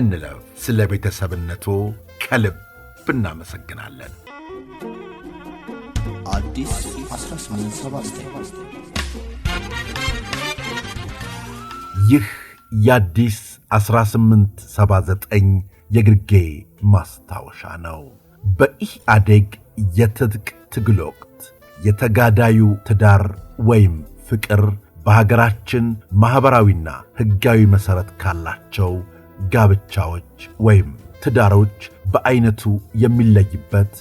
እንለፍ። ስለ ቤተሰብነቱ ከልብ እናመሰግናለን። ይህ የአዲስ 1879 የግርጌ ማስታወሻ ነው። በኢህአዴግ የትጥቅ ትግል ወቅት የተጋዳዩ ትዳር ወይም ፍቅር በሀገራችን ማኅበራዊና ሕጋዊ መሠረት ካላቸው ጋብቻዎች ወይም ትዳሮች በአይነቱ የሚለይበት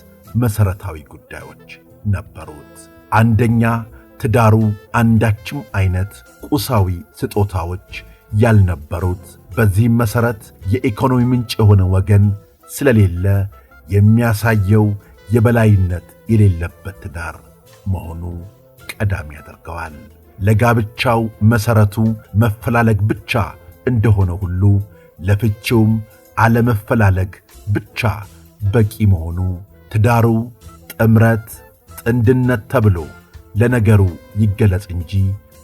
መሠረታዊ ጉዳዮች ነበሩት። አንደኛ፣ ትዳሩ አንዳችም አይነት ቁሳዊ ስጦታዎች ያልነበሩት፣ በዚህም መሠረት የኢኮኖሚ ምንጭ የሆነ ወገን ስለሌለ የሚያሳየው የበላይነት የሌለበት ትዳር መሆኑ ቀዳሚ ያደርገዋል። ለጋብቻው መሠረቱ መፈላለግ ብቻ እንደሆነ ሁሉ ለፍቺውም አለመፈላለግ ብቻ በቂ መሆኑ ትዳሩ ጥምረት፣ ጥንድነት ተብሎ ለነገሩ ይገለጽ እንጂ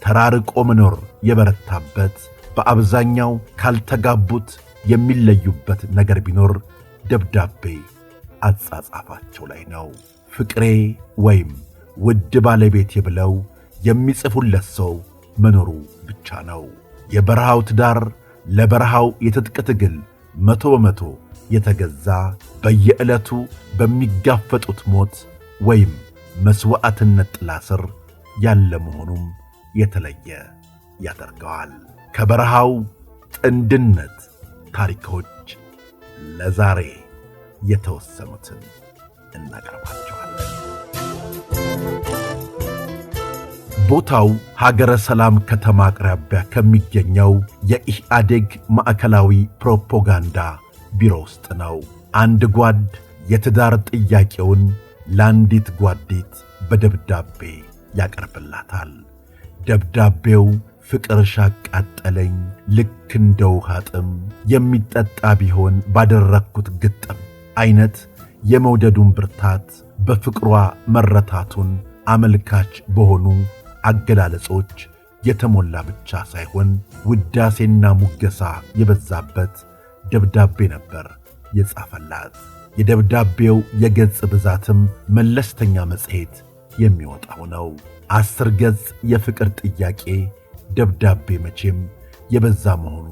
ተራርቆ መኖር የበረታበት በአብዛኛው ካልተጋቡት የሚለዩበት ነገር ቢኖር ደብዳቤ አጻጻፋቸው ላይ ነው። ፍቅሬ ወይም ውድ ባለቤቴ ብለው የሚጽፉለት ሰው መኖሩ ብቻ ነው። የበረሃው ትዳር ለበረሃው የትጥቅ ትግል መቶ በመቶ የተገዛ በየዕለቱ በሚጋፈጡት ሞት ወይም መሥዋዕትነት ጥላ ስር ያለ መሆኑም የተለየ ያደርገዋል። ከበረሃው ጥንድነት ታሪኮች ለዛሬ የተወሰኑትን እናቀርባለን። ቦታው ሀገረ ሰላም ከተማ አቅራቢያ ከሚገኘው የኢህአዴግ ማዕከላዊ ፕሮፓጋንዳ ቢሮ ውስጥ ነው። አንድ ጓድ የትዳር ጥያቄውን ለአንዲት ጓዲት በደብዳቤ ያቀርብላታል። ደብዳቤው ፍቅር ሻቃጠለኝ ልክ እንደ ውሃ ጥም የሚጠጣ ቢሆን ባደረግኩት ግጥም አይነት የመውደዱን ብርታት በፍቅሯ መረታቱን አመልካች በሆኑ አገላለጾች የተሞላ ብቻ ሳይሆን ውዳሴና ሙገሳ የበዛበት ደብዳቤ ነበር የጻፈላት። የደብዳቤው የገጽ ብዛትም መለስተኛ መጽሔት የሚወጣው ነው። አስር ገጽ የፍቅር ጥያቄ ደብዳቤ መቼም የበዛ መሆኑ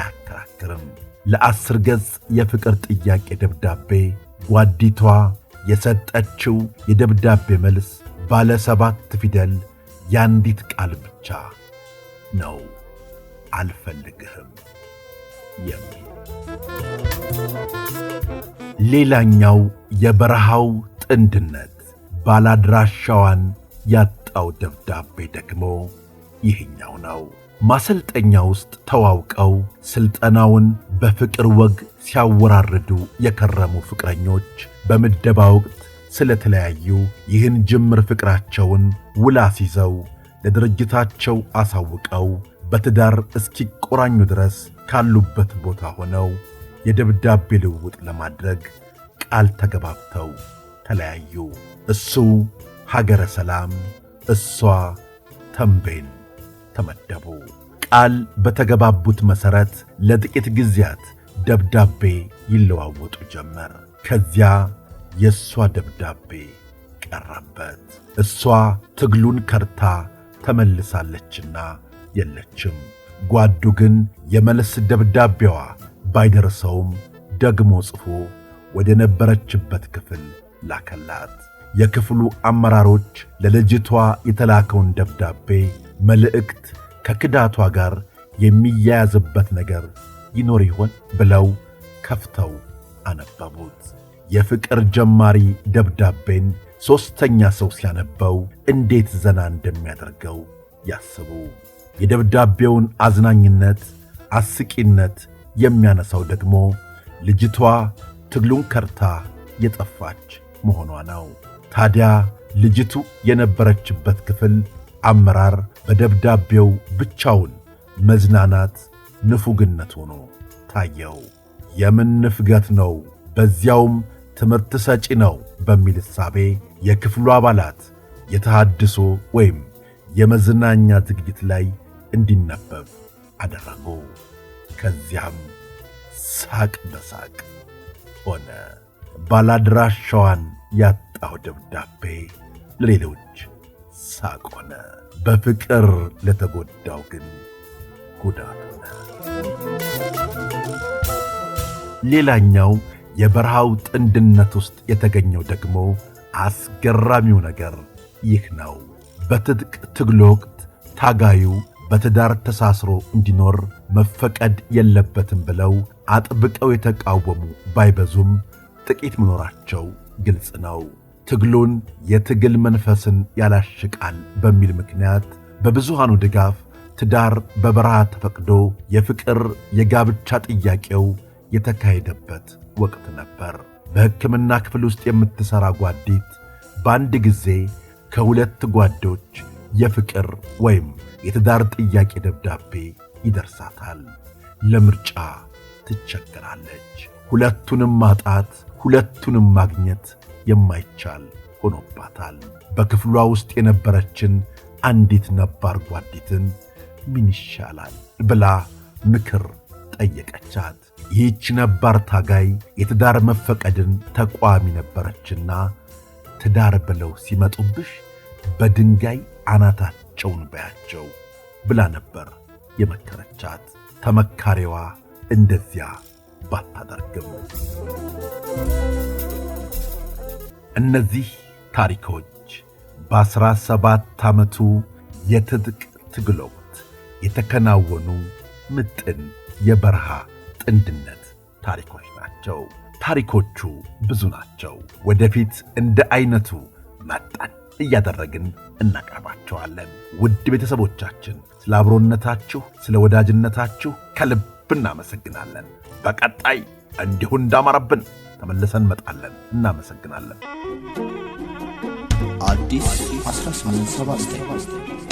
አያከራክርም። ለአስር ገጽ የፍቅር ጥያቄ ደብዳቤ ጓዲቷ የሰጠችው የደብዳቤ መልስ ባለ ሰባት ፊደል ያንዲት ቃል ብቻ ነው አልፈልግህም የሚል። ሌላኛው የበረሃው ጥንድነት ባላድራሻዋን ያጣው ደብዳቤ ደግሞ ይህኛው ነው። ማሰልጠኛ ውስጥ ተዋውቀው ስልጠናውን በፍቅር ወግ ሲያወራርዱ የከረሙ ፍቅረኞች በምደባ ወቅት ስለተለያዩ ይህን ጅምር ፍቅራቸውን ውላ ሲይዘው ለድርጅታቸው አሳውቀው በትዳር እስኪቆራኙ ድረስ ካሉበት ቦታ ሆነው የደብዳቤ ልውውጥ ለማድረግ ቃል ተገባብተው ተለያዩ። እሱ ሀገረ ሰላም፣ እሷ ተንቤን ተመደቡ። ቃል በተገባቡት መሠረት ለጥቂት ጊዜያት ደብዳቤ ይለዋወጡ ጀመር። ከዚያ የእሷ ደብዳቤ ቀረበት። እሷ ትግሉን ከርታ ተመልሳለችና የለችም። ጓዱ ግን የመልስ ደብዳቤዋ ባይደርሰውም ደግሞ ጽፎ ወደ ነበረችበት ክፍል ላከላት። የክፍሉ አመራሮች ለልጅቷ የተላከውን ደብዳቤ መልእክት ከክዳቷ ጋር የሚያያዝበት ነገር ይኖር ይሆን ብለው ከፍተው አነበቡት። የፍቅር ጀማሪ ደብዳቤን ሦስተኛ ሰው ሲያነበው እንዴት ዘና እንደሚያደርገው ያስቡ። የደብዳቤውን አዝናኝነት፣ አስቂነት የሚያነሳው ደግሞ ልጅቷ ትግሉን ከርታ የጠፋች መሆኗ ነው። ታዲያ ልጅቱ የነበረችበት ክፍል አመራር በደብዳቤው ብቻውን መዝናናት ንፉግነት ሆኖ ታየው። የምን ንፍገት ነው! በዚያውም ትምህርት ሰጪ ነው በሚል እሳቤ የክፍሉ አባላት የተሃድሶ ወይም የመዝናኛ ዝግጅት ላይ እንዲነበብ አደረጉ። ከዚያም ሳቅ በሳቅ ሆነ። ባላድራሻዋን ያጣው ደብዳቤ ለሌሎች ሳቅ ሆነ። በፍቅር ለተጎዳው ግን ጉዳት ሆነ። ሌላኛው የበረሃው ጥንድነት ውስጥ የተገኘው ደግሞ አስገራሚው ነገር ይህ ነው። በትጥቅ ትግል ወቅት ታጋዩ በትዳር ተሳስሮ እንዲኖር መፈቀድ የለበትም ብለው አጥብቀው የተቃወሙ ባይበዙም ጥቂት መኖራቸው ግልጽ ነው። ትግሉን የትግል መንፈስን ያላሽቃል በሚል ምክንያት በብዙሃኑ ድጋፍ ትዳር በበረሃ ተፈቅዶ የፍቅር የጋብቻ ጥያቄው የተካሄደበት ወቅት ነበር። በሕክምና ክፍል ውስጥ የምትሠራ ጓዲት በአንድ ጊዜ ከሁለት ጓዶች የፍቅር ወይም የትዳር ጥያቄ ደብዳቤ ይደርሳታል። ለምርጫ ትቸገራለች። ሁለቱንም ማጣት፣ ሁለቱንም ማግኘት የማይቻል ሆኖባታል። በክፍሏ ውስጥ የነበረችን አንዲት ነባር ጓዲትን ምን ይሻላል ብላ ምክር ጠየቀቻት። ይህች ነባር ታጋይ የትዳር መፈቀድን ተቋሚ ነበረችና ትዳር ብለው ሲመጡብሽ በድንጋይ አናታቸውን በያቸው ብላ ነበር የመከረቻት። ተመካሪዋ እንደዚያ ባታደርግም እነዚህ ታሪኮች በአስራ ሰባት ዓመቱ የትጥቅ ትግል ወቅት የተከናወኑ ምጥን የበረሃ ጥንድነት ታሪኮች ናቸው። ታሪኮቹ ብዙ ናቸው። ወደፊት እንደ አይነቱ መጣን እያደረግን እናቀርባቸዋለን። ውድ ቤተሰቦቻችን ስለ አብሮነታችሁ፣ ስለ ወዳጅነታችሁ ከልብ እናመሰግናለን። በቀጣይ እንዲሁ እንዳማረብን ተመልሰን መጣለን። እናመሰግናለን። አዲስ 1879